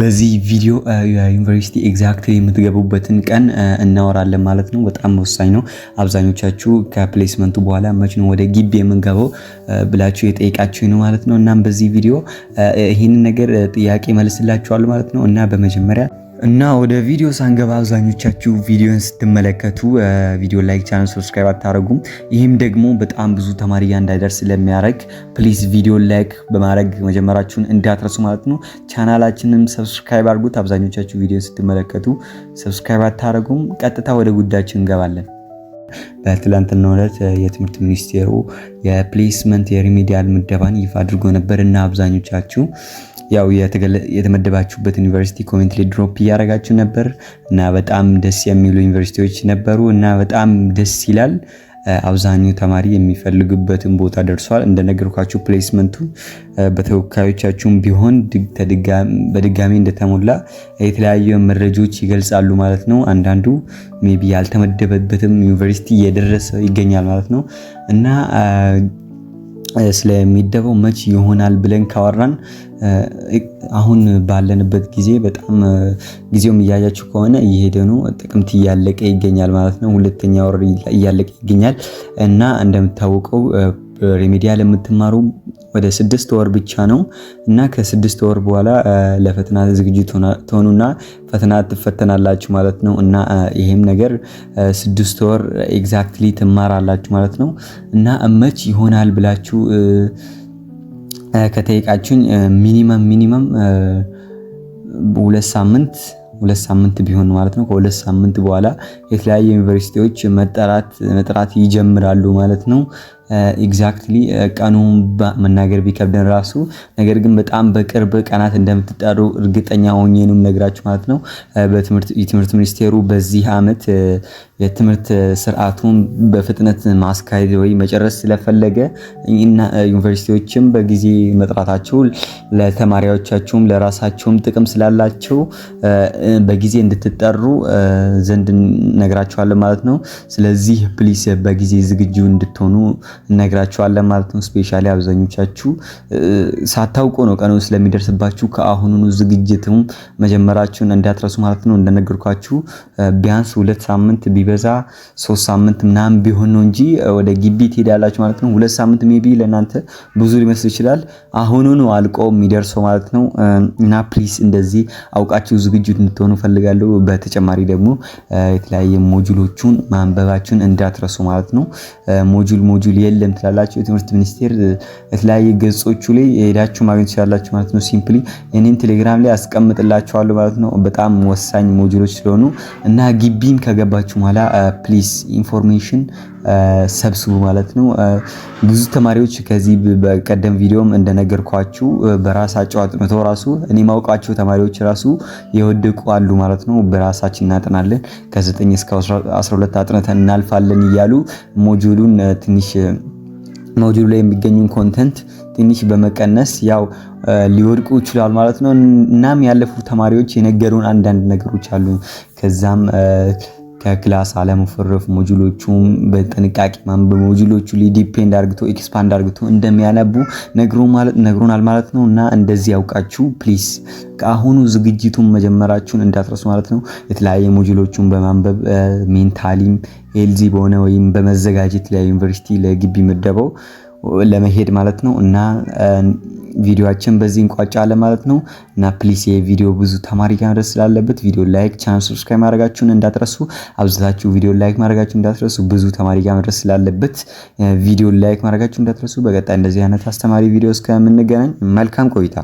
በዚህ ቪዲዮ ዩኒቨርሲቲ ኤግዛክት የምትገቡበትን ቀን እናወራለን ማለት ነው። በጣም ወሳኝ ነው። አብዛኞቻችሁ ከፕሌስመንቱ በኋላ መች ነው ወደ ግቢ የምንገበው ብላችሁ የጠየቃችሁ ነው ማለት ነው። እናም በዚህ ቪዲዮ ይህንን ነገር ጥያቄ መልስላችኋል ማለት ነው እና በመጀመሪያ እና ወደ ቪዲዮ ሳንገባ አብዛኞቻችሁ ቪዲዮን ስትመለከቱ ቪዲዮ ላይክ፣ ቻናል ሰብስክራይብ አታደርጉም። ይህም ደግሞ በጣም ብዙ ተማሪ እንዳይደርስ ስለሚያደርግ ፕሊዝ ቪዲዮ ላይክ በማድረግ መጀመራችሁን እንዳትረሱ ማለት ነው። ቻናላችንም ሰብስክራይብ አድርጉት። አብዛኞቻችሁ ቪዲዮን ስትመለከቱ ሰብስክራይብ አታደርጉም። ቀጥታ ወደ ጉዳያችን እንገባለን። በትላንትና ዕለት የትምህርት ሚኒስቴሩ የፕሌስመንት የሪሜዲያል ምደባን ይፋ አድርጎ ነበር እና አብዛኞቻችሁ ያው የተመደባችሁበት ዩኒቨርሲቲ ኮሜንት ላይ ድሮፕ እያደረጋችሁ ነበር እና በጣም ደስ የሚሉ ዩኒቨርሲቲዎች ነበሩ እና በጣም ደስ ይላል። አብዛኛው ተማሪ የሚፈልግበትን ቦታ ደርሷል። እንደነገርኳችሁ ፕሌስመንቱ በተወካዮቻችሁም ቢሆን በድጋሚ እንደተሞላ የተለያዩ መረጃዎች ይገልጻሉ ማለት ነው። አንዳንዱ ሜቢ ያልተመደበበትም ዩኒቨርሲቲ እየደረሰ ይገኛል ማለት ነው እና ስለሚደበው መች ይሆናል ብለን ካወራን አሁን ባለንበት ጊዜ በጣም ጊዜውም እያያችሁ ከሆነ እየሄደ ነው። ጥቅምት እያለቀ ይገኛል ማለት ነው። ሁለተኛ ወር እያለቀ ይገኛል እና እንደምታወቀው ሪሜዲያል የምትማሩ ወደ ስድስት ወር ብቻ ነው እና ከስድስት ወር በኋላ ለፈተና ዝግጅት ትሆኑና ፈተና ትፈተናላችሁ ማለት ነው። እና ይሄም ነገር ስድስት ወር ኤግዛክትሊ ትማራላችሁ ማለት ነው። እና መች ይሆናል ብላችሁ ከጠየቃችሁኝ ሚኒመም ሚኒመም ሁለት ሳምንት ሁለት ሳምንት ቢሆን ማለት ነው። ከሁለት ሳምንት በኋላ የተለያዩ ዩኒቨርሲቲዎች መጠራት መጥራት ይጀምራሉ ማለት ነው። ኤግዛክትሊ uh, uh, ቀኑን መናገር ቢከብደን ራሱ ነገር ግን በጣም በቅርብ ቀናት እንደምትጠሩ እርግጠኛ ሆኜ ነው ነግራችሁ ማለት ነው። uh, የትምህርት ሚኒስቴሩ በዚህ ዓመት የትምህርት ስርዓቱን በፍጥነት ማስካሄድ ወይ መጨረስ ስለፈለገ እና ዩኒቨርሲቲዎችም በጊዜ መጥራታቸው ለተማሪዎቻችሁም ለራሳቸውም ጥቅም ስላላቸው በጊዜ እንድትጠሩ ዘንድ ነግራችኋለን ማለት ነው። ስለዚህ ፕሊስ በጊዜ ዝግጁ እንድትሆኑ እነግራችኋለን ማለት ነው። ስፔሻሊ አብዛኞቻችሁ ሳታውቁ ነው ቀኑ ስለሚደርስባችሁ ከአሁኑኑ ዝግጅትም መጀመራችሁን እንዳትረሱ ማለት ነው። እንደነገርኳችሁ ቢያንስ ሁለት ሳምንት ቢበዛ ሶስት ሳምንት ምናምን ቢሆን ነው እንጂ ወደ ግቢ ትሄዳላችሁ ማለት ነው። ሁለት ሳምንት ሜቢ ለእናንተ ብዙ ሊመስል ይችላል። አሁኑኑ አልቆ የሚደርሰው ማለት ነው እና ፕሊስ እንደዚህ አውቃችሁ ዝግጅት እንድትሆኑ ፈልጋለሁ። በተጨማሪ ደግሞ የተለያየ ሞጁሎቹን ማንበባችሁን እንዳትረሱ ማለት ነው ሞጁል ሞጁል የለም ትላላችሁ። የትምህርት ሚኒስቴር የተለያየ ገጾቹ ላይ የሄዳችሁ ማግኘት ትችላላችሁ ማለት ነው። ሲምፕሊ እኔን ቴሌግራም ላይ አስቀምጥላችኋለሁ ማለት ነው። በጣም ወሳኝ ሞጁሎች ስለሆኑ እና ግቢም ከገባችሁ በኋላ ፕሊስ ኢንፎርሜሽን ሰብስቡ ማለት ነው። ብዙ ተማሪዎች ከዚህ በቀደም ቪዲዮም እንደነገርኳችሁ በራሳቸው አጥንቶ ራሱ እኔ ማውቃቸው ተማሪዎች ራሱ የወደቁ አሉ ማለት ነው። በራሳችን እናጥናለን ከ9 እስከ 12 አጥንተን እናልፋለን እያሉ ሞጁሉን ትንሽ ሞጁሉ ላይ የሚገኙን ኮንተንት ትንሽ በመቀነስ ያው ሊወድቁ ይችላል ማለት ነው። እናም ያለፉ ተማሪዎች የነገሩን አንዳንድ ነገሮች አሉ ከዛም ከክላስ አለመፈረፍ ሞጁሎቹም በጥንቃቄ ማንበብ ሞጁሎቹ ላይ ዲፔንድ አርግቶ ኤክስፓንድ አርግቶ እንደሚያነቡ ነግሮናል ማለት ነው። እና እንደዚህ ያውቃችሁ ፕሊስ ከአሁኑ ዝግጅቱን መጀመራችሁን እንዳትረሱ ማለት ነው። የተለያየ ሞጁሎቹን በማንበብ ሜንታሊም ኤልዚ በሆነ ወይም በመዘጋጀት ለዩኒቨርሲቲ ለግቢ ምደባው ለመሄድ ማለት ነው እና ቪዲዮችን በዚህ እንቋጫለን ማለት ነው እና ፕሊስ የቪዲዮ ብዙ ተማሪ ጋር መድረስ ስላለበት ቪዲዮ ላይክ፣ ቻን ሰብስክራይብ ማድረጋችሁን እንዳትረሱ። አብዛታችሁ ቪዲዮ ላይክ ማድረጋችሁን እንዳትረሱ። ብዙ ተማሪ ጋር መድረስ ስላለበት ቪዲዮ ላይክ ማድረጋችሁን እንዳትረሱ። በቀጣይ እንደዚህ አይነት አስተማሪ ቪዲዮ እስከምንገናኝ መልካም ቆይታ